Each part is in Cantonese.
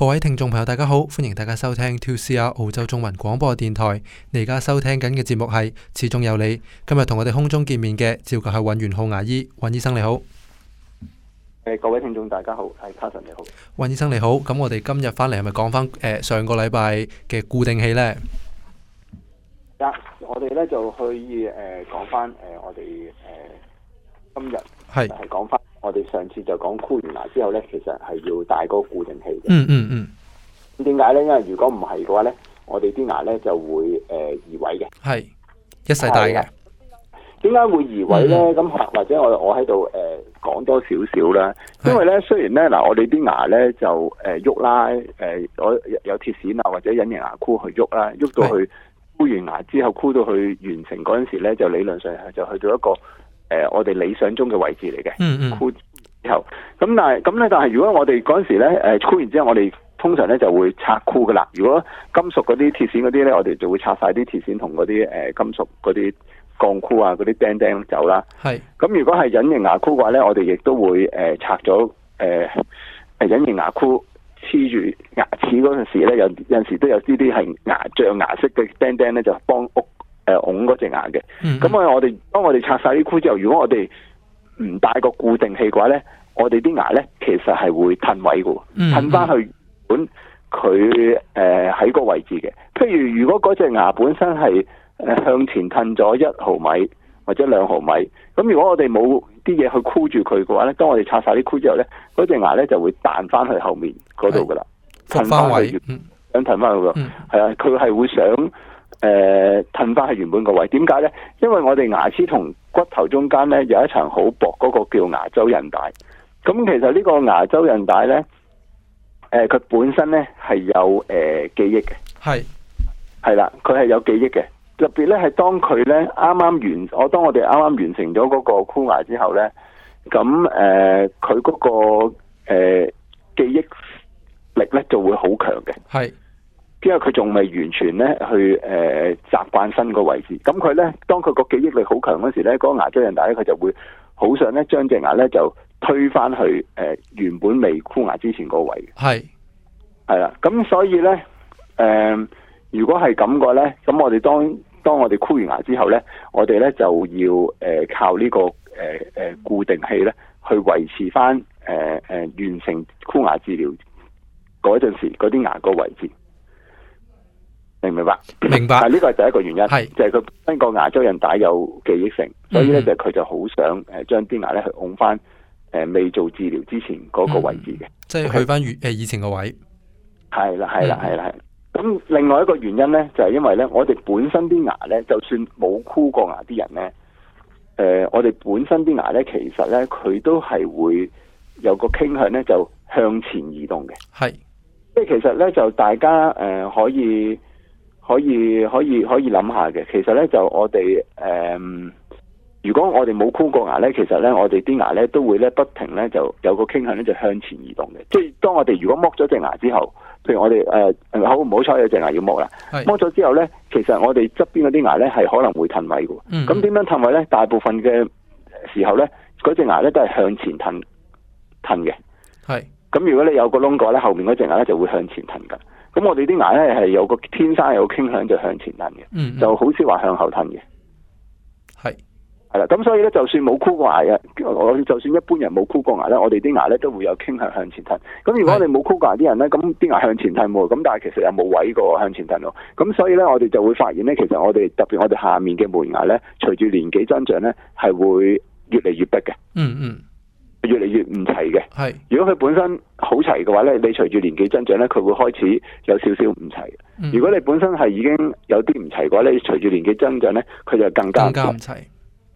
各位聽眾朋友，大家好，歡迎大家收聽 2CR 澳洲中文廣播電台。而家收聽緊嘅節目係《齒中有理》。今日同我哋空中見面嘅，照舊係尹元晧牙醫，尹醫生你好。誒，各位聽眾大家好，係 Carson 你好。尹醫生你好，咁我哋今日翻嚟係咪講翻誒上個禮拜嘅固定器呢？啊，我哋呢就去誒講翻誒我哋誒今日係講翻。我哋上次就講箍完牙之後咧，其實係要戴嗰個固定器嘅、嗯。嗯嗯嗯。點解咧？因為如果唔係嘅話咧，我哋啲牙咧就會誒、呃、移位嘅。係，一世戴嘅。點解會移位咧？咁或、嗯、或者我我喺度誒講多少少啦。因為咧，雖然咧嗱、呃，我哋啲牙咧就誒喐啦，誒我有有鐵線啊，或者隱形牙箍去喐啦，喐到去箍、嗯、完牙之後箍到去完成嗰陣時咧，就理論上就去到一個，誒、呃，我哋理想中嘅位置嚟嘅，箍之、嗯嗯、後，咁但係咁咧，但係如果我哋嗰時咧，誒、呃、箍完之後，我哋通常咧就會拆箍噶啦。如果金屬嗰啲鐵線嗰啲咧，我哋就會拆晒啲鐵線同嗰啲誒金屬嗰啲鋼箍啊，嗰啲釘釘走啦、啊。係咁是，如果係隱形牙箍嘅話咧，我哋亦都會誒拆咗誒誒隱形牙箍，黐住牙齒嗰陣時咧，有有陣時都有啲啲係牙象牙色嘅釘釘咧，就幫屋。係隻牙嘅，咁我我哋當我哋拆晒啲箍之後，如果我哋唔戴個固定器嘅話咧，我哋啲牙咧其實係會褪位嘅，褪翻去本佢誒喺個位置嘅。譬如如果嗰隻牙本身係向前褪咗一毫米或者兩毫米，咁如果我哋冇啲嘢去箍住佢嘅話咧，當我哋拆晒啲箍之後咧，嗰隻牙咧就會彈翻去後面嗰度噶啦，褪翻位去想褪翻去嘅，係、嗯、啊，佢係會想。誒，褪返係原本個位，點解咧？因為我哋牙齒同骨頭中間咧有一層好薄，嗰、那個叫牙周韌帶。咁其實呢個牙周韌帶咧，誒、呃，佢本身咧係有誒、呃、記憶嘅，係係啦，佢係有記憶嘅。特別咧係當佢咧啱啱完，我當我哋啱啱完成咗嗰個箍牙之後咧，咁誒，佢、呃、嗰、那個誒、呃、記憶力咧就會好強嘅，係。之後佢仲未完全咧去誒習慣新位、那個呃、個位置，咁佢咧當佢個記憶力好強嗰時咧，嗰個牙周韌帶咧佢就會好想咧將隻牙咧就推翻去誒原本未箍牙之前個位嘅，係係啦，咁所以咧誒、呃、如果係咁個咧，咁我哋當當我哋箍完牙之後咧，我哋咧就要誒、呃、靠呢、這個誒誒、呃呃、固定器咧去維持翻誒誒完成箍牙治療嗰陣時嗰啲牙個位置。明唔明白？明白，但係呢個係第一個原因，係是就係佢本身個牙周韌帶有記憶性，嗯、所以咧就佢就好想誒將啲牙咧去拱翻誒未做治療之前嗰個位置嘅，即係去翻誒以前個位。係啦 Okay?，係啦，係啦，係。咁、嗯、另外一個原因咧，就係因為咧，我哋本身啲牙咧，就算冇箍過牙啲人咧，誒、呃，我哋本身啲牙咧，其實咧佢都係會有個傾向咧，就向前移動嘅。係是，即係其實咧就大家誒、呃、可以。可以可以可以諗下嘅，其實咧就我哋誒、呃，如果我哋冇箍過牙咧，其實咧我哋啲牙咧都會咧不停咧就有個傾向咧就向前移動嘅。即係當我哋如果剝咗隻牙之後，譬如我哋誒、呃、好唔好彩有隻牙要剝啦，是剝咗之後咧，其實我哋側邊嗰啲牙咧係可能會褪位嘅。咁點樣褪位咧？大部分嘅時候咧，嗰隻牙咧都係向前褪褪嘅。係咁，是如果你有個窿個咧，後面嗰隻牙咧就會向前褪噶咁我哋啲牙咧係有個天生有傾向就向前吞嘅，嗯嗯就好似話向後吞嘅，係係啦。咁所以咧，就算冇箍過牙嘅，我就算一般人冇箍過牙咧，我哋啲牙咧都會有傾向向前吞。咁如果我哋冇箍過牙啲人咧，咁啲牙向前吞喎，咁但係其實又冇位過向前吞咯。咁所以咧，我哋就會發現咧，其實我哋特別我哋下面嘅門牙咧，隨住年紀增長咧，係會越嚟越迫嘅。嗯嗯。越嚟越唔齊嘅，係。如果佢本身好齊嘅話咧，你隨住年紀增長咧，佢會開始有少少唔齊。嗯、如果你本身係已經有啲唔齊嘅話咧，隨住年紀增長咧，佢就更加唔齊。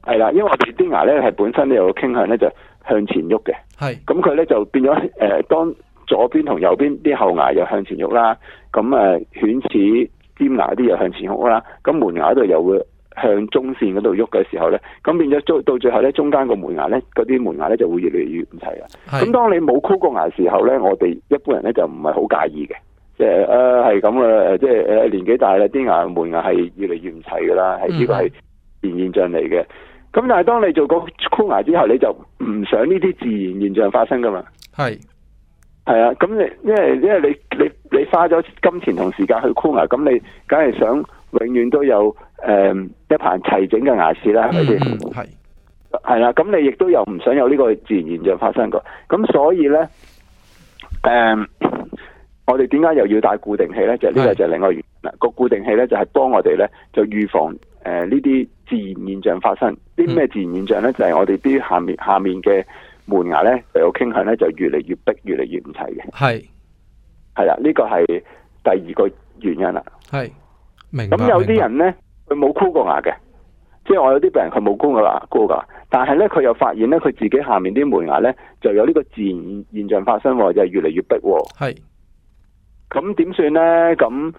係啦，因為我哋啲牙咧係本身都有個傾向咧係。就，呃、就向前喐嘅。係。咁佢咧就變咗，誒，當左邊同右邊啲後牙又向前喐啦，咁啊犬齒尖牙啲又向前喐啦，咁門牙度又會。向中線嗰度喐嘅時候咧，咁變咗到最後咧，中間個門牙咧，嗰啲門牙咧就會越嚟越唔齊啦。咁是當你冇箍過牙時候咧，我哋一般人咧就唔係好介意嘅，即係誒係咁啊，即係誒年紀大啦，啲牙門牙係越嚟越唔齊噶啦，係呢個係自然現象嚟嘅。咁但係當你做過箍牙之後，你就唔想呢啲自然現象發生噶嘛？係係是啊，咁你因為因為你你你花咗金錢同時間去箍牙，咁你梗係想。永遠都有誒一排齊整嘅牙齒啦，係咪？係係啦，咁你亦都有唔想有呢個自然現象發生過，咁所以咧誒、嗯，我哋點解又要戴固定器咧？就呢、是、個就係另外一個原因啦。那個、固定器咧就係幫我哋咧就預防誒呢啲自然現象發生。啲咩自然現象咧？就係、是、我哋啲下面下面嘅門牙咧，就有傾向咧就越嚟越逼，越嚟越唔齊嘅。係係啦，呢、這個係第二個原因啦。係。咁有啲人咧，佢冇箍過牙嘅，即係我有啲病人佢冇箍過牙箍噶，但係咧佢又發現咧佢自己下面啲門牙咧就有呢個自然現象發生，就又、係、越嚟越逼、喎。係是，咁點算咧？咁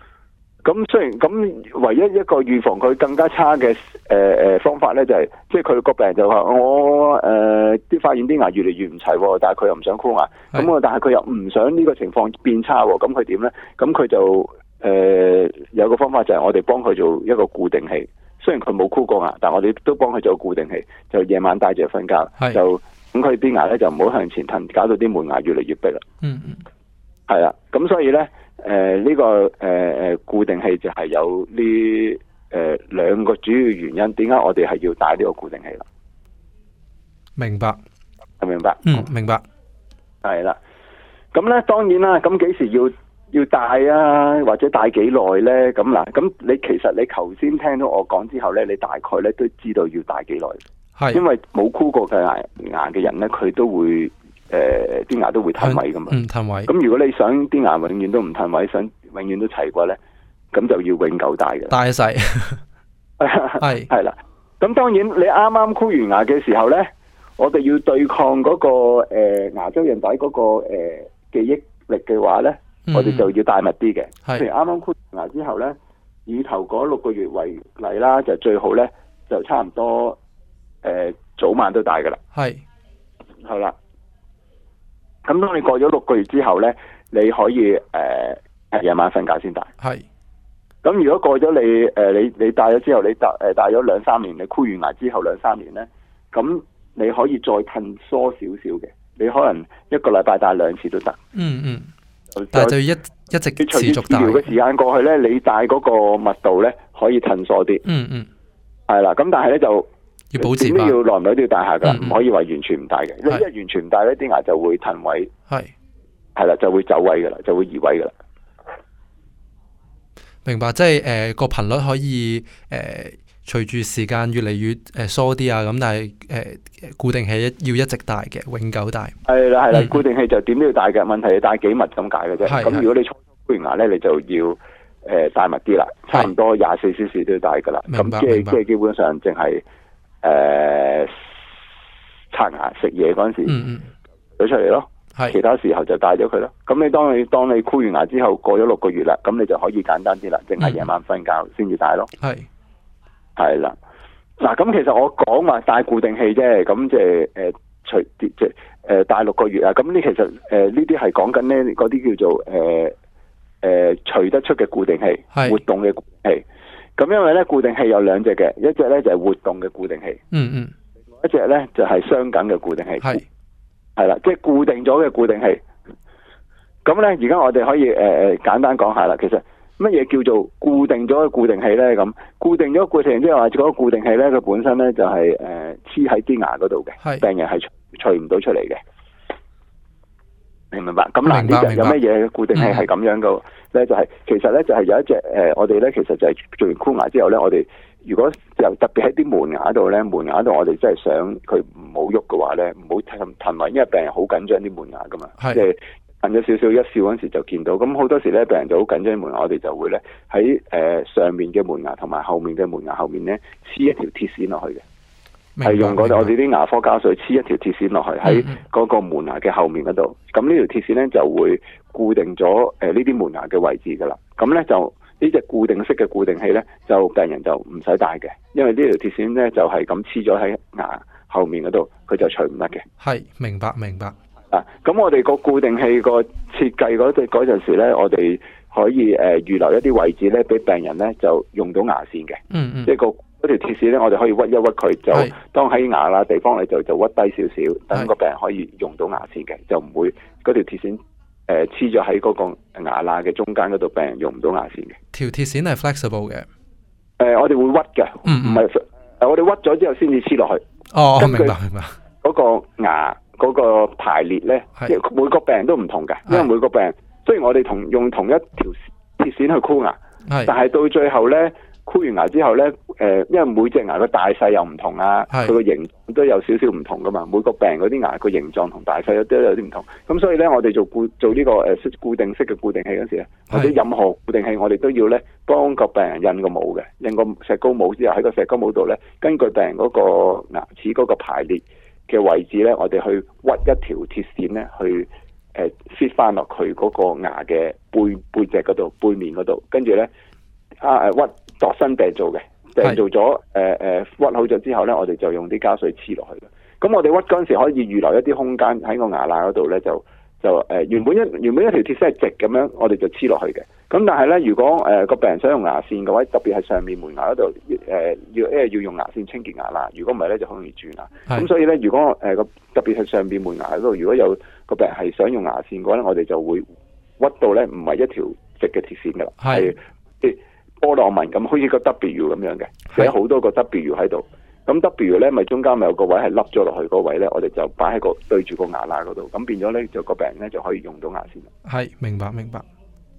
咁雖然咁，唯一一個預防佢更加差嘅誒誒方法咧就係、係，即係佢個病人就話我誒啲發現啲牙，牙越嚟越唔齊、喎，但係佢又唔想箍牙，咁啊是，但係佢又唔想呢個情況變差，咁佢點咧？咁佢就。誒、呃，有個方法就係我哋幫佢做一個固定器，雖然佢冇箍過牙，但係我哋都幫佢做固定器，就夜晚戴住瞓覺，是就咁佢啲牙咧就唔好向前騰，搞到啲門牙越嚟越逼啦。嗯嗯，係、嗯、啦，咁、嗯、所以咧，誒、呃、呢、這個誒誒、呃、固定器就係有呢誒兩個主要原因，點解我哋係要戴呢個固定器啦？明白，明白，嗯，明白，係啦、嗯。咁咧，當然啦，咁幾時要？要戴啊，或者戴幾耐咧？咁嗱，咁你其實你頭先聽到我講之後咧，你大概咧都知道要戴幾耐。係，因為冇箍過嘅牙牙嘅人咧，佢都會誒啲牙都會褪位噶嘛。嗯，褪位。咁如果你想啲牙永遠都唔褪位，想永遠都齊骨咧，咁就要永久戴嘅。大晒，係係啦。咁當然你啱啱箍完牙嘅時候咧，我哋要對抗嗰個誒牙周韌帶嗰個誒記憶力嘅話咧。嗯、我哋就要戴密啲嘅，是譬如啱啱箍完牙之後咧，以頭嗰六個月為例啦，就最好咧就差唔多誒、呃、早晚都戴噶啦。係是，好啦，咁當你過咗六個月之後咧，你可以誒夜、呃、晚瞓覺先戴。係是，咁如果過咗你誒、呃、你你戴咗之後你戴誒戴咗兩三年，你箍完牙之後兩三年咧，咁你可以再褪疏少少嘅，你可能一個禮拜戴兩次都得、嗯。嗯嗯。但係就一一直持續大嘅時間過去咧，你戴嗰個密度咧可以陳縮啲、嗯。嗯嗯，係啦。咁但係咧就要保持，都要耐唔耐都要戴下噶，唔、嗯、可以話完全唔戴嘅。因如果完全唔戴咧，啲牙就會褪位。係係啦，就會走位噶啦，就會移位噶啦。明白，即係誒個頻率可以誒。呃隨住時間越嚟越誒疏啲啊，咁、呃、但係誒、呃、固定器要一直戴嘅，永久戴。係啦係啦，固定器就點都要戴嘅，問題係帶幾密咁解嘅啫。咁、嗯、如果你箍完牙咧，你就要誒戴、呃、密啲啦，差唔多廿四小時都要戴噶啦。明白，咁即係白即係基本上，淨係誒刷牙、食嘢嗰陣時攞、嗯嗯、出嚟咯。其他時候就戴咗佢咯。咁你是當你當你箍完牙之後過咗六個月啦，咁你就可以簡單啲啦，淨係夜晚瞓覺先至戴咯。係、嗯。嗯係啦，嗱，咁其實我講話帶固定器啫，咁即係誒除即誒帶六個月啊，咁呢其實誒呢啲係講緊咧嗰啲叫做誒誒除得出嘅固定器，活動嘅固定器，咁因為咧固定器有兩隻嘅，一隻咧就係活動嘅固定器，嗯嗯，一隻咧就係鑲緊嘅固定器，係係啦，即係、就是、固定咗嘅固定器，咁咧而家我哋可以誒誒、呃、簡單講下啦，其實。乜嘢叫做固定咗嘅固定器咧？咁固定咗固定完之後，即係話、那、嗰個固定器咧，佢本身咧就係誒黐喺啲牙嗰度嘅，是 病人係除唔到出嚟嘅。明唔明白？咁難啲就有咩嘢固定器係咁樣噶咧、嗯就是？就係其實咧就係有一隻誒、呃，我哋咧其實就係做完箍牙之後咧，我哋如果就特別喺啲門牙度咧，門牙度我哋真係想佢唔好喐嘅話咧，唔好褪褪埋，因為病人好緊張啲門牙噶嘛，即係是。就是咗少少一笑嗰時就見到，咁好多時咧，病人就好緊張門牙，我哋就會咧喺誒上面嘅門牙同埋後面嘅門牙後面咧，黐一條鐵線落去嘅，係白用我哋我哋啲牙科膠水黐一條鐵線落去喺嗰白個門牙嘅後面嗰度。咁呢、嗯、條鐵線咧就會固定咗誒呢啲門牙嘅位置噶啦。咁咧就呢隻固定式嘅固定器咧，就病人就唔使戴嘅，因為呢條鐵線咧就係咁黐咗喺牙後面嗰度，佢就除唔甩嘅。係，明白明白。啊！咁我哋個固定器個設計嗰對嗰陣時咧，我哋可以誒預留一啲位置咧，俾病人咧就用到牙線嘅。嗯嗯，即係個嗰條鐵線咧，我哋可以屈一屈佢，就當喺牙罅地方咧就就屈低少少，等個病人可以用到牙線嘅，就唔會嗰條鐵線誒黐咗喺嗰個牙罅嘅中間嗰度，病人用唔到牙線嘅。條鐵線係 flexible 嘅，誒，我哋會屈嘅，唔唔係我哋屈咗之後先至黐落去。哦，明白，明白，嗯。嗰個牙。 嗰個排列咧，是每個病人都唔同嘅，因為每個病人雖然我哋同用同一條鐵線去箍牙，但係到最後咧箍完牙之後咧，誒，因為每隻牙嘅大細又唔同啊，佢個是形都有少少唔同噶嘛，每個病人嗰啲牙個形狀同大細都有啲唔同，咁所以咧我哋做固做呢個誒固定式嘅固定器嗰時咧，是或者任何固定器，我哋都要咧幫個病人印個模嘅，印個石膏模之後喺個石膏模度咧，根據病人嗰個牙齒嗰個排列。嘅位置咧，我哋去屈一條鐵線咧，去誒 fit 翻落佢嗰個牙嘅背背脊嗰度、背面嗰度，跟住咧啊誒、啊、屈度身訂造嘅，訂造咗誒誒屈好咗之後咧，我哋就用啲膠水黐落去咯。咁我哋屈嗰陣時可以預留一啲空間喺個牙罅嗰度咧就。就誒、呃、原本一原本一條鐵線係直咁樣我，我哋就黐落去嘅。咁但係咧，如果誒、呃是的 呃、個病人想用牙線嘅話，特別係上面門牙嗰度誒要誒要用牙線清潔牙啦。如果唔係咧，就好容易蛀牙。咁所以咧，如果誒個特別係上面門牙嗰度如果有個病人係想用牙線嘅話咧，我哋就會屈到咧唔係一條直嘅鐵線噶啦，係是的 波浪紋咁，好似個 W 咁樣嘅，寫好是的 多個 W 喺度。咁 W 咧，咪中間咪有個位係凹咗落去嗰位咧，我哋就擺喺個對住個牙罅嗰度，咁變咗咧就個病人咧就可以用到牙線啦。係，明白明白，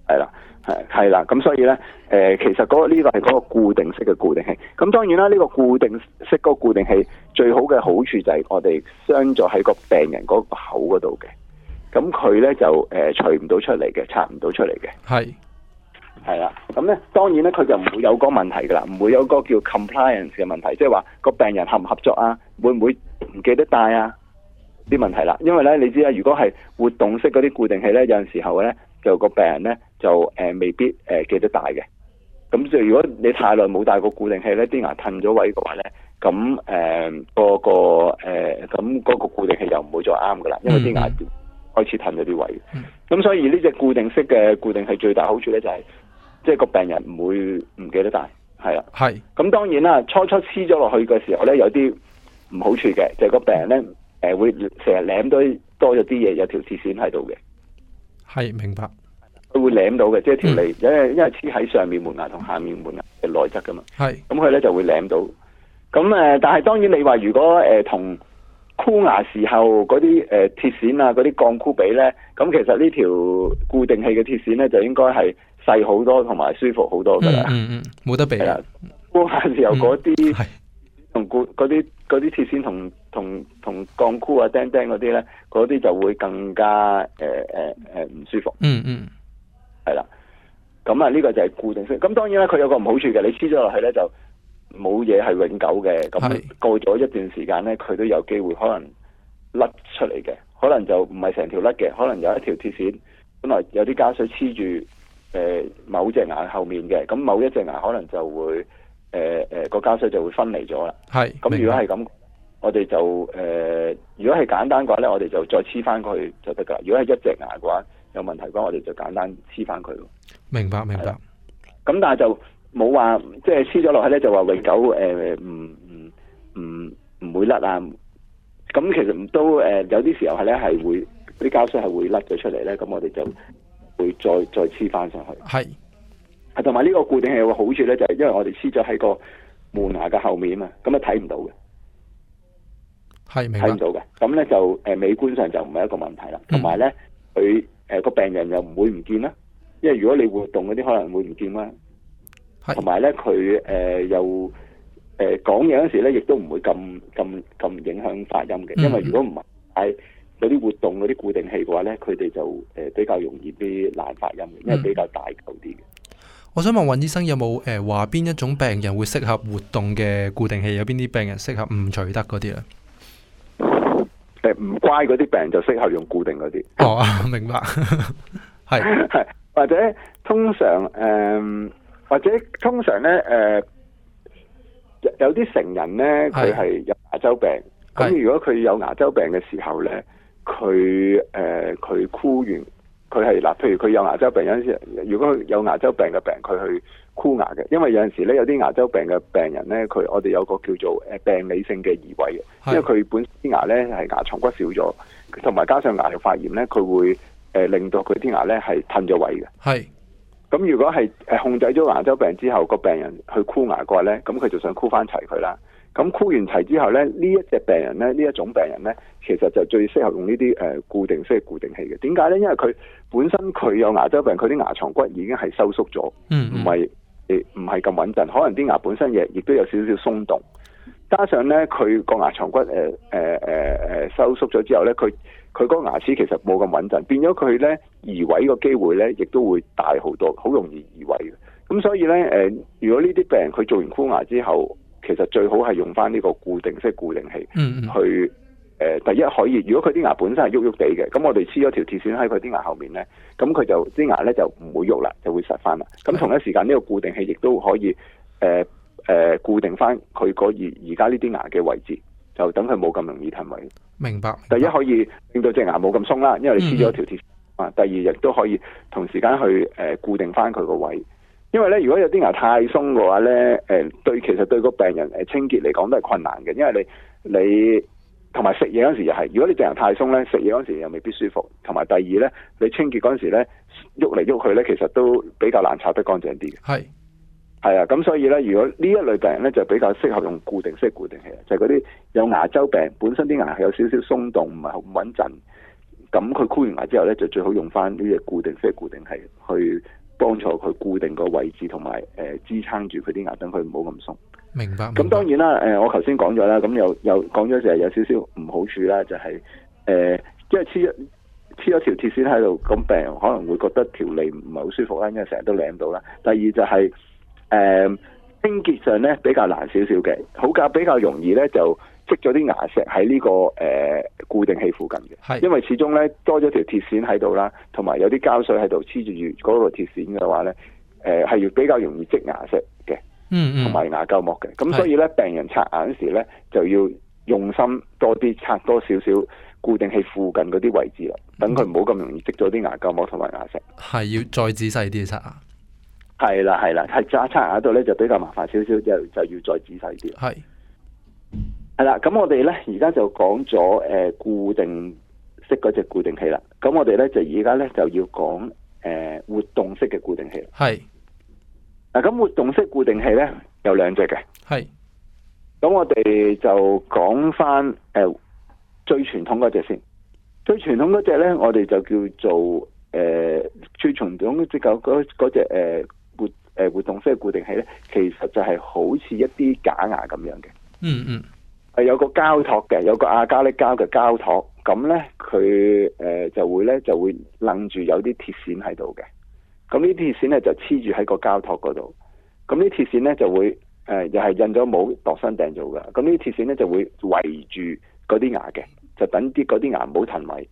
係啦，係係啦，咁所以咧，誒、呃、其實嗰、這、呢個係嗰、這個這個、個固定式嘅固定器。咁當然啦，呢、這個固定式嗰個固定器最好嘅好處就係我哋鑲咗喺個病人嗰個口嗰度嘅，咁佢咧就誒除唔到出嚟嘅，拆唔到出嚟嘅。係。係啦，咁咧當然咧，佢就唔會有個問題㗎啦，唔會有個叫 compliance 嘅問題，即係話個病人合唔合作啊，會唔會唔記得戴啊啲問題啦。因為咧，你知啦，如果係活動式嗰啲固定器咧，有陣時候咧，就個病人咧就誒、呃、未必誒、呃、記得戴嘅。咁就如果你太耐冇戴個固定器咧，啲牙褪咗位嘅話咧，咁誒、呃嗰個個咁嗰個固定器又唔會再啱㗎啦，因為啲牙開始褪咗啲位。咁、嗯、所以呢隻固定式嘅固定器最大好處咧，就係、是。即係個病人唔會唔記得帶，係啊，係是。咁當然啦，初初黐咗落去嘅時候咧，有啲唔好處嘅，就係、是、個病人咧，誒、呃、會成日舐多多咗啲嘢，有條鐵線喺度嘅。係，明白。佢會舐到嘅，即係條脷，嗯、因為因為黐喺上面門牙同下面門牙嘅內側噶嘛。係、嗯。咁佢咧就會舐到。咁誒、呃，但係當然你話如果誒、呃、同箍牙時候嗰啲誒鐵線啊，嗰啲鋼箍比咧，咁其實呢條固定器嘅鐵線咧就應該係。細好多同埋舒服好多噶啦、嗯，冇、嗯嗯、得比啦的。嗰陣、嗯、時有嗰啲同固嗰啲嗰啲鐵線同同同鋼箍啊釘釘嗰啲咧，嗰啲就會更加誒誒誒唔舒服嗯。嗯嗯，係啦。咁啊呢個就係固定式。咁當然啦，佢有個唔好處嘅，你黐咗落去咧就冇嘢係永久嘅。咁過咗一段時間咧，佢都有機會可能甩出嚟嘅，可能就唔係成條甩嘅，可能有一條鐵線本來有啲膠水黐住。誒、呃，某隻牙後面嘅，咁、嗯、某一隻牙可能就會，誒誒個膠水就會分離咗啦。係是，咁如果係咁，嗯、我哋就誒、呃，如果係簡單嘅話咧，我哋就再黐翻佢就得噶啦。如果係一隻牙嘅話，有問題嘅話，我哋就簡單黐翻佢。明白明白。咁、嗯、但係就冇話，即係黐咗落去咧，就話、是、永久誒，唔唔唔唔會甩啊。咁、嗯嗯、其實都誒、呃，有啲時候係咧係會啲膠水係會甩咗出嚟咧，咁我哋就。會再再黐翻上去，係是，啊，同埋呢個固定係有個好處咧，就係因為我哋黐咗喺個門牙嘅後面啊嘛，咁啊睇唔到嘅，係睇唔到嘅，咁咧就誒美觀上就唔係一個問題啦。同埋咧，佢誒個病人又唔會唔見啦，因為如果你活動嗰啲可能會唔見啦，同埋咧佢誒又誒講嘢嗰時咧，亦都唔會咁咁咁影響發音嘅，因為如果唔係，係、嗯。嗰啲活動嗰啲固定器嘅話呢，佢哋就誒、呃、比較容易啲難發音，因為比較大嚿啲。嗯、我想問尹醫生有冇誒話邊一種病人會適合活動嘅固定器？有邊啲病人適合唔取得嗰啲咧？誒、呃，唔乖嗰啲病人就適合用固定嗰啲。哦，明白。係 是 或者通常誒、呃，或者通常咧誒、呃，有啲成人呢，佢係有牙周病。咁是如果佢有牙周病嘅時候呢。佢誒佢箍完佢係嗱，譬如佢有牙周病有陣時，如果有牙周病嘅病，佢去箍牙嘅。因為有陣時咧有啲牙周病嘅病人咧，佢我哋有個叫做誒病理性嘅移位嘅，因為佢本身啲牙咧係牙床骨少咗，同埋加上牙肉發炎咧，佢會誒、呃、令到佢啲牙咧係吞咗位嘅。係是，咁、嗯、如果係誒控制咗牙周病之後，那個病人去箍牙嘅話咧，咁佢就想箍翻齊佢啦。咁箍完齊之後咧，呢一隻病人咧，呢一種病人咧，其實就最適合用呢啲誒固定式固定器嘅。點解咧？因為佢本身佢有牙周病，佢啲牙床骨已經係收縮咗，唔係誒唔係咁穩陣。可能啲牙本身亦亦都有少少鬆動，加上咧佢個牙床骨誒誒誒誒收縮咗之後咧，佢佢嗰個牙齒其實冇咁穩陣，變咗佢咧移位個機會咧，亦都會大好多，好容易移位嘅。咁所以咧誒，如果呢啲病人佢做完箍牙之後，其實最好係用翻呢個固定式固定器去，誒、嗯嗯、呃。第一可以，如果佢啲牙本身係喐喐地嘅，咁我哋黐咗條鐵線喺佢啲牙後面牙呢，咁佢就啲牙呢就唔會喐啦，就會實翻啦。咁、嗯嗯、同一時間呢、這個固定器亦都可以誒、呃呃、固定翻佢嗰而而家呢啲牙嘅位置，就等佢冇咁容易褪位。明。明白。第一可以令到隻牙冇咁鬆啦，因為你黐咗條鐵線。嗯嗯，第二亦都可以同時間去、呃、固定翻佢個位。因為咧，如果有啲牙太鬆嘅話咧，誒、呃，對其實對個病人誒清潔嚟講都係困難嘅，因為你你同埋食嘢嗰時又係，如果你隻牙太鬆咧，食嘢嗰時又未必舒服，同埋第二咧，你清潔嗰時咧，喐嚟喐去咧，其實都比較難刷得乾淨啲嘅。係係是啊，咁所以咧，如果呢一類病人咧，就比較適合用固定式固定器，就係嗰啲有牙周病，本身啲牙係有少少鬆動，唔係好穩陣，咁佢箍完牙之後咧，就最好用翻呢隻固定式固定器去。幫助佢固定個位置，同埋誒支撐住佢啲牙根，佢唔好咁鬆。明白。咁當然啦，誒、呃、我頭先講咗啦，咁又又講咗就係有少少唔好處啦，就係、是、誒、呃、因為黐一黐一條鐵線喺度，咁病人可能會覺得條脷唔係好舒服啦，因為成日都舐到啦。第二就係、是、誒、呃、清潔上咧比較難少少嘅，好較比較容易咧就。積咗啲牙石喺呢、這個誒、呃、固定器附近嘅，係因為始終咧多咗條鐵線喺度啦，同埋有啲膠水喺度黐住住嗰個鐵線嘅話咧，誒、呃、係要比較容易積牙石嘅，嗯同埋牙垢膜嘅。咁、嗯、所以咧，病人刷牙嗰時咧是就要用心多啲刷多少少固定器附近嗰啲位置啦，等佢唔好咁容易積咗啲牙垢膜同埋牙石。係要再仔細啲刷牙。係啦係啦，係刷刷牙度咧就比較麻煩少少，就就要再仔細啲啦。係。哎係啦，咁我哋咧而家就講咗誒固定式嗰隻固定器啦。咁我哋咧就而家咧就要講誒活動式嘅固定器啦。係嗱，咁活動式固定器咧有兩隻嘅。係，咁我哋就講翻誒最傳統嗰隻先。最傳統嗰隻咧，我哋就叫做誒最傳統嗰隻舊隻誒活誒活動式嘅固定器咧，其實就係好似一啲假牙咁樣嘅。嗯嗯。係有個膠托嘅，有個亞加力膠嘅膠托，咁咧佢誒就會咧就會楞住有啲鐵線喺度嘅，咁呢鐵線咧就黐住喺個膠托嗰度，咁呢鐵線咧就會誒又係印咗模度身訂做嘅，咁呢鐵線咧就會圍住嗰啲牙嘅，就等啲嗰啲牙冇褪位。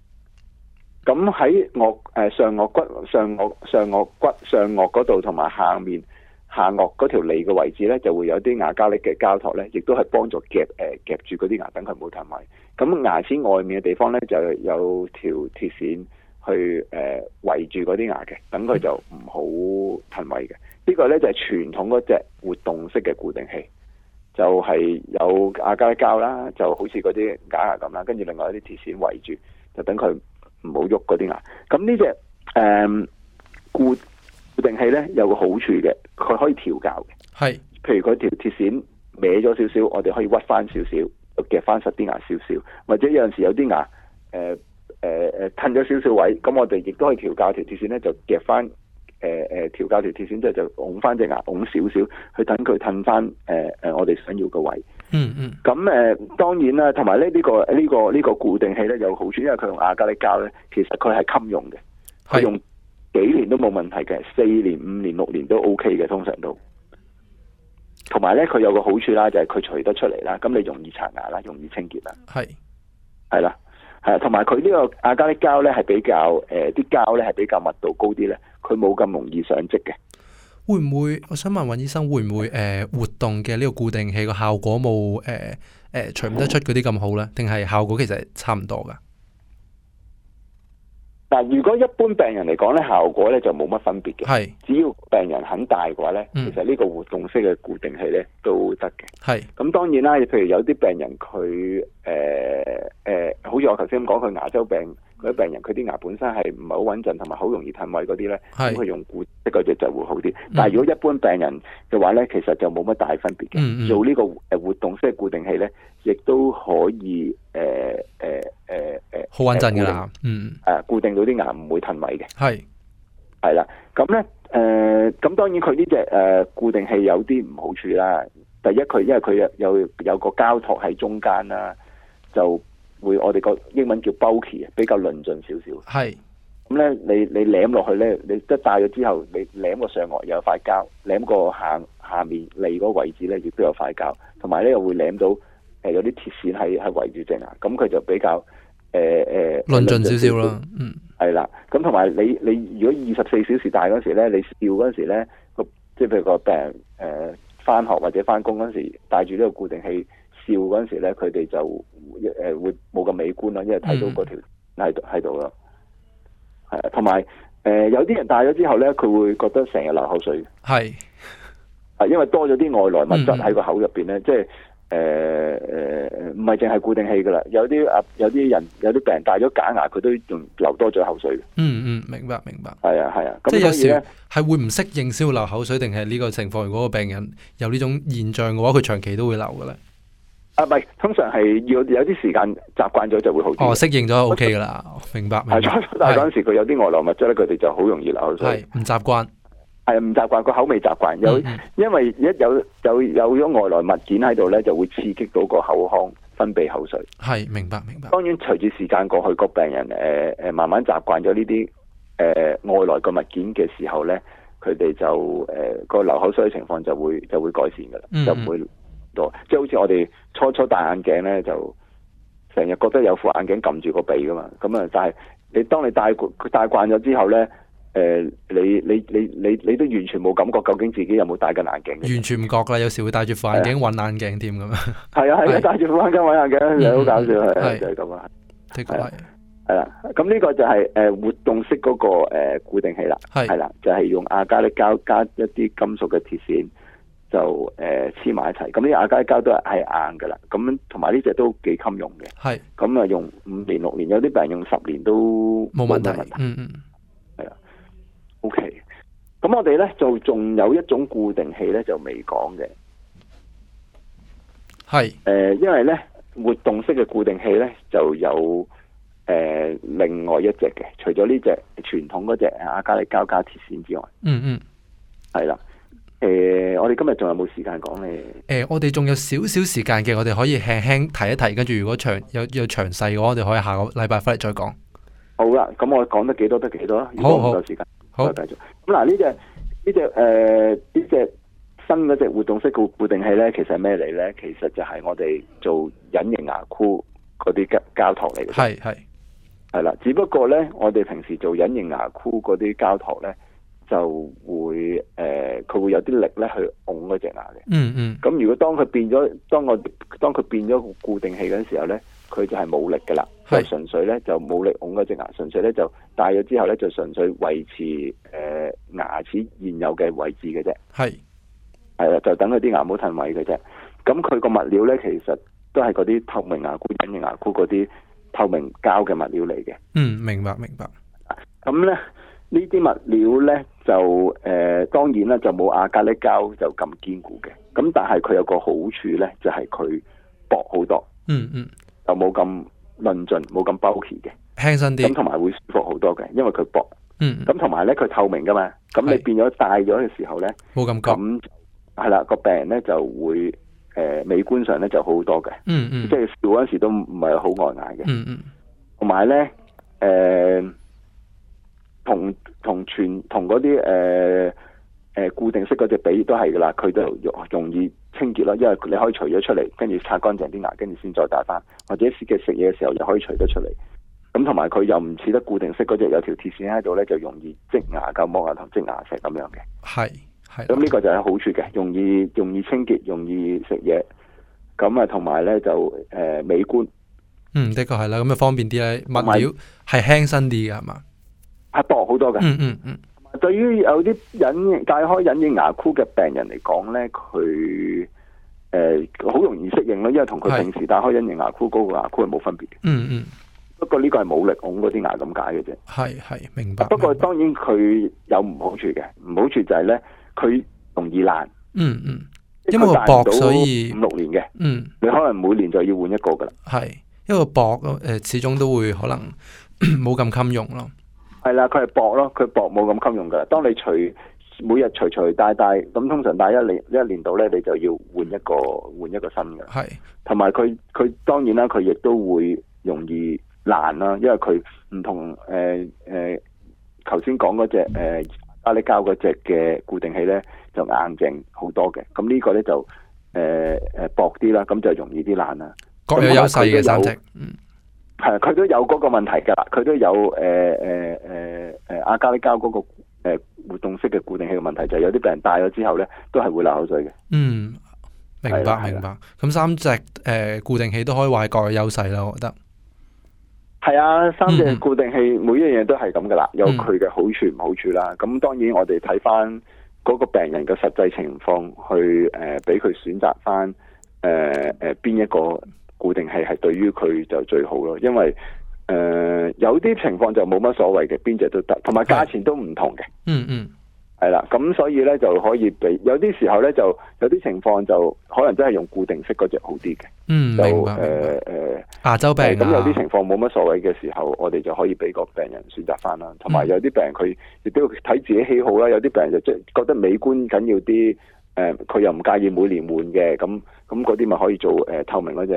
咁喺我誒、呃、上顎骨、上顎上顎骨、上顎嗰度同埋下面。下顎嗰條脷嘅位置咧，就會有啲牙膠粒嘅膠托呢，咧，亦都係幫助夾誒、呃、夾住嗰啲牙，等佢冇褪位。咁牙齒外面嘅地方咧，就有條鐵線去誒、呃、圍住嗰啲牙嘅，等佢就唔好褪位嘅。這個、呢個咧就係、是、傳統嗰隻活動式嘅固定器，就係、是、有牙膠粒膠啦，就好似嗰啲假牙咁啦。跟住另外一啲鐵線圍住，就等佢唔好喐嗰啲牙。咁呢隻誒固固定器咧有個好處嘅，佢可以調教嘅。係是，譬如佢條鐵線歪咗少少，我哋可以屈翻少少，夾翻實啲牙少少。或者有陣時有啲牙，誒誒誒，褪、呃、咗少少位，咁我哋亦都可以調教條鐵線咧，就夾翻，誒、呃、誒，調教條鐵線之後就拱翻隻牙拱少少，去等佢褪翻，誒、呃、誒，我哋想要嘅位。嗯嗯。咁誒、呃，當然啦，同埋咧呢個呢、這個呢、這個這個固定器咧有好處，因為佢用亞加力膠咧，其實佢係襟用嘅，係用。幾年都冇問題嘅，四年、五年、六年都 OK 嘅，通常都。同埋咧，佢有個好處啦，就係佢除得出嚟啦，咁你容易刷牙啦，容易清潔啦。係是，係啦，係，同埋佢呢個亞加力膠咧，係比較誒，啲膠咧係比較密度高啲咧，佢冇咁容易上漬嘅。會唔會？我想問尹醫生，會唔會誒、呃、活動嘅呢個固定器個效果冇誒誒除唔得出嗰啲咁好咧？定係、嗯、效果其實差唔多噶？嗱，如果一般病人嚟講咧，效果咧就冇乜分別嘅。係是，只要病人很大嘅話咧，嗯、其實呢個活動式嘅固定器咧都得嘅。係是，咁當然啦，譬如有啲病人佢誒誒，好似我頭先講佢牙周病。佢病人佢啲牙本身係唔係好穩陣，同埋好容易褪位嗰啲咧，咁佢是用固定嗰隻就會好啲。嗯、但係如果一般病人嘅話咧，其實就冇乜大分別嘅。嗯嗯，做呢個誒活動式固定器咧，亦都可以誒誒誒誒好穩陣㗎。嗯，誒固定到啲牙唔會褪位嘅。係係啦。咁咧誒，咁當然佢呢隻誒固定器有啲唔好處啦。第一，佢因為佢有有個膠托喺中間啦，就。會我哋個英文叫 bulky 啊，比較論盡少少。係咁咧，你你舐落去咧，你一戴咗之後，你舐個上顎有塊膠，舐個下下面脷嗰位置咧，亦都有塊膠，同埋咧又會舐到誒、呃、有啲鐵線喺喺圍住正啊。咁佢就比較誒誒論盡少少啦。呃呃、點點嗯，係啦。咁同埋你你如果二十四小時戴嗰時咧，你笑嗰時咧個即係譬如個病誒返學或者返工嗰時戴住呢個固定器，笑嗰陣時咧，佢哋就誒會冇咁美觀啦，因為睇到嗰條喺度喺度咯。係啊、嗯，同埋誒有啲、呃、人戴咗之後咧，佢會覺得成日流口水嘅。係啊，因為多咗啲外來物質喺個口入邊咧，嗯、即係誒誒唔係淨係固定器噶啦，有啲啊有啲人有啲病人戴咗假牙，佢都仲流多咗口水。嗯嗯，明白明白。係啊係啊，啊啊嗯、即係有時係會唔適應先會流口水，定係呢個情況？如果個病人有呢種現象嘅話，佢長期都會流㗎喇。啊，唔係，通常係要有啲時間習慣咗就會好啲。哦，適應咗 OK 啦，明白。係，但係嗰陣時佢有啲外來物質咧，佢哋是就好容易流口水。唔習慣，係唔習慣個口未習慣。有、嗯嗯，因為一有有有咗外來物件喺度咧，就會刺激到個口腔分泌口水。係，明白明白。當然，隨住時間過去，個病人誒誒、呃、慢慢習慣咗呢啲誒外來嘅物件嘅時候咧，佢哋就誒個、呃、流口水嘅情況就會就會改善噶啦，就唔會。嗯即係好似我哋初初戴眼鏡咧，就成日覺得有副眼鏡撳住個鼻噶嘛。咁啊，但係你當你戴佢戴慣咗之後咧，誒、呃，你你你你你都完全冇感覺，究竟自己有冇戴緊眼，眼鏡。完全唔覺啦，有時會戴住副眼鏡揾眼鏡添咁樣。係啊係啊，戴住副眼鏡揾眼鏡，嗯、你好搞笑係就係咁樣。的確係係啦。咁呢、啊、個就係誒活動式嗰個固定器啦。係係啦，就係、是、用亞加力膠加一啲金屬嘅鐵線。就誒黐埋一齊，咁呢個阿膠膠都係硬㗎啦。咁同埋呢隻都幾襟用嘅，係咁啊，用五年六年，有啲病人用十年都冇問題，問題。嗯嗯，係啦，OK。咁我哋咧就仲有一種固定器咧，就未講嘅，係誒是、呃，因為咧活動式嘅固定器咧就有誒、呃、另外一隻嘅，除咗呢隻傳統嗰隻阿膠膠加鐵線之外，嗯嗯，係啦。誒、欸，我哋今日仲有冇時間講咧？誒，我哋仲有少少時間嘅，我哋可以輕輕提一提，跟住如果詳有有詳細嘅話，我哋可以下個禮拜翻嚟再講。好啦，咁我講得幾多得幾多啦？如果咁多時間，好繼好續。咁、啊、嗱，呢隻呢隻誒呢隻新嗰隻活動式固固定器咧，其實係咩嚟咧？其實就係我哋做隱形牙箍嗰啲膠膠托嚟嘅。係係係啦，只不過咧，我哋平時做隱形牙箍嗰啲膠托咧。就會誒，佢、呃、會有啲力咧去拱嗰隻牙嘅，嗯。嗯嗯。咁如果當佢變咗，當我當佢變咗固定器嗰陣時候咧，佢就係冇力噶啦，係是純粹咧就冇力拱嗰隻牙，純粹咧就戴咗之後咧就純粹維持誒、呃、牙齒現有嘅位置嘅啫。係係啦，就等佢啲牙冇褪位嘅啫。咁佢個物料咧，其實都係嗰啲透明牙箍、隱形牙箍嗰啲透明膠嘅物料嚟嘅。嗯，明白明白。咁咧呢啲物料咧？就誒當然啦，就冇亞加力膠就咁堅固嘅。咁但係佢有個好處咧，就係佢薄好多。嗯嗯，就冇咁論盡，冇咁 bulky 嘅，輕身啲。咁同埋會舒服好多嘅，因為佢薄。嗯。咁同埋咧，佢透明噶嘛。咁你變咗戴咗嘅時候咧，冇感覺。咁係啦，個病人咧就會誒美觀上咧就好好多嘅。嗯嗯。即係笑嗰陣時都唔係好礙眼嘅。嗯嗯。同埋咧，誒。同同全同嗰啲誒誒固定式嗰隻比都係噶啦，佢都容容易清潔咯，因為你可以除咗出嚟，跟住擦乾淨啲牙，跟住先再戴翻，或者食嘅食嘢嘅時候又可以除得出嚟。咁同埋佢又唔似得固定式嗰隻有條鐵線喺度咧，就容易積牙垢、磨牙同積牙石咁樣嘅。係係，咁呢個就係好處嘅，容易容易清潔，容易食嘢。咁啊，同埋咧就誒、呃、美觀。嗯，的確係啦，咁啊方便啲咧，物料係輕身啲嘅係嘛？係薄好多嘅、嗯，嗯嗯嗯。對於有啲戴開隱形牙箍嘅病人嚟講咧，佢誒好容易適應咯，因為同佢平時戴開隱形牙箍嗰是個牙箍係冇分別，嗯。嗯嗯。不過呢個係冇力拱嗰啲牙咁解嘅啫。係係，明白。不過當然佢有唔好處嘅，唔好處就係咧，佢容易爛。嗯嗯。因為薄，所以五六年嘅，嗯，你可能每年就要換一個噶啦。係，因為薄誒，始終都會可能冇咁襟用咯。係啦，佢係薄咯，佢薄冇咁襟用噶。當你除每日除除帶帶，咁通常帶一年一年度咧，你就要換一個換一個新嘅。係是，同埋佢佢當然啦，佢亦都會容易爛啦，因為佢唔同誒誒頭先講嗰隻誒阿力膠嗰隻嘅固定器咧，就硬淨好多嘅。咁呢個咧就誒誒、呃、薄啲啦，咁就容易啲爛啦。各有優嘅手。嗯係，佢都有嗰個問題噶佢都有誒誒誒誒阿加力膠嗰個誒活動式嘅固定器嘅問題，就係、是、有啲病人戴咗之後咧，都係會流口水嘅。嗯，明白的明白。咁的三隻誒、呃、固定器都可以話各有優勢啦，我覺得。係啊，三隻固定器每一樣嘢都係咁噶啦，嗯、有佢嘅好處唔好處啦。咁、嗯、當然我哋睇翻嗰個病人嘅實際情況去誒，俾、呃、佢選擇翻誒誒邊一個。固定係係對於佢就最好咯，因為誒、呃、有啲情況就冇乜所謂嘅，邊隻都得，同埋價錢都唔同嘅。的嗯嗯，係啦，咁所以咧就可以俾。有啲時候咧就有啲情況就可能真係用固定式嗰隻好啲嘅。嗯就明，明白。誒、呃、亞洲病咁、啊呃、有啲情況冇乜所謂嘅時候，我哋就可以俾個病人選擇翻啦。同埋有啲病人佢亦都要睇自己喜好啦。有啲病人就即係覺得美觀緊要啲。誒佢又唔介意每年換嘅，咁咁嗰啲咪可以做誒、呃、透明嗰隻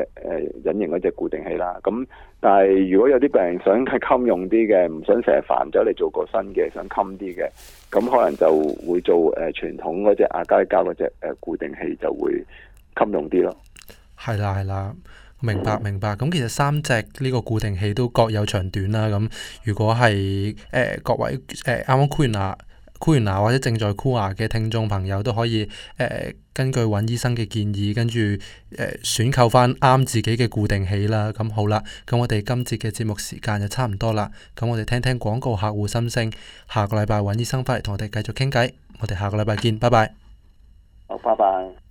誒隱形嗰隻固定器啦。咁、嗯、但係如果有啲病人想係襟用啲嘅，唔想成日煩咗你做個新嘅，想襟啲嘅，咁可能就會做誒、呃、傳統嗰隻亞加力膠嗰隻誒固定器就會襟用啲咯。係啦係啦，明白明白。咁其實三隻呢個固定器都各有長短啦。咁如果係誒、呃、各位誒啱啱區嗱。呃啱啱 Queen 啊箍完牙或者正在箍牙嘅聽眾朋友都可以誒、呃，根據尹醫生嘅建議，跟住誒、呃、選購翻啱自己嘅固定器啦。咁好啦，咁我哋今節嘅節目時間就差唔多啦。咁我哋聽聽廣告客戶心聲。下個禮拜尹醫生翻嚟同我哋繼續傾偈。我哋下個禮拜見，拜拜。好，拜拜。